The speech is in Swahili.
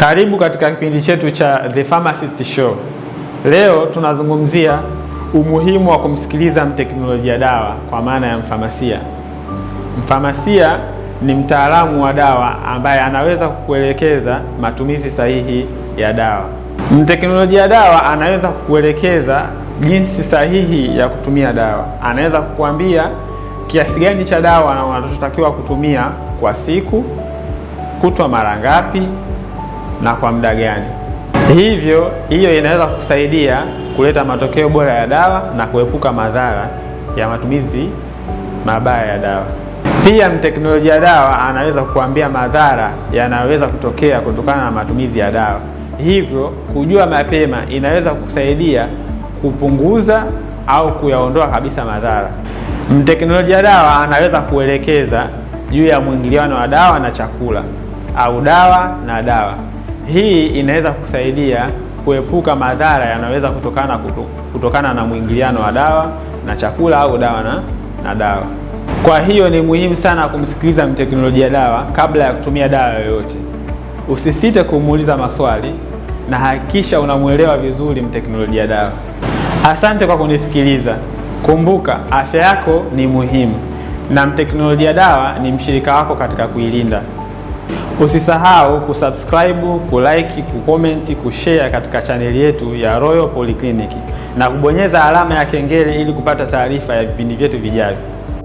Karibu katika kipindi chetu cha The Pharmacist Show. Leo tunazungumzia umuhimu wa kumsikiliza mteknolojia dawa kwa maana ya mfamasia. Mfamasia ni mtaalamu wa dawa ambaye anaweza kukuelekeza matumizi sahihi ya dawa. Mteknolojia dawa anaweza kukuelekeza jinsi sahihi ya kutumia dawa. Anaweza kukuambia kiasi gani cha dawa na unachotakiwa kutumia kwa siku, kutwa mara ngapi na kwa muda gani. Hivyo hiyo inaweza kusaidia kuleta matokeo bora ya dawa na kuepuka madhara ya matumizi mabaya ya dawa. Pia mteknolojia dawa anaweza kuambia madhara yanayoweza kutokea kutokana na matumizi ya dawa, hivyo kujua mapema inaweza kusaidia kupunguza au kuyaondoa kabisa madhara. Mteknolojia dawa anaweza kuelekeza juu ya mwingiliano wa dawa na chakula au dawa na dawa. Hii inaweza kusaidia kuepuka madhara yanayoweza kutokana, kutokana na mwingiliano wa dawa na chakula au dawa na, na dawa. Kwa hiyo ni muhimu sana kumsikiliza mteknolojia dawa kabla ya kutumia dawa yoyote. Usisite kumuuliza maswali na hakikisha unamwelewa vizuri mteknolojia dawa. Asante kwa kunisikiliza. Kumbuka, afya yako ni muhimu na mteknolojia dawa ni mshirika wako katika kuilinda. Usisahau kusubscribe, kulike, kukomenti, kushare katika chaneli yetu ya Royal Polyclinic na kubonyeza alama ya kengele ili kupata taarifa ya vipindi vyetu vijavyo.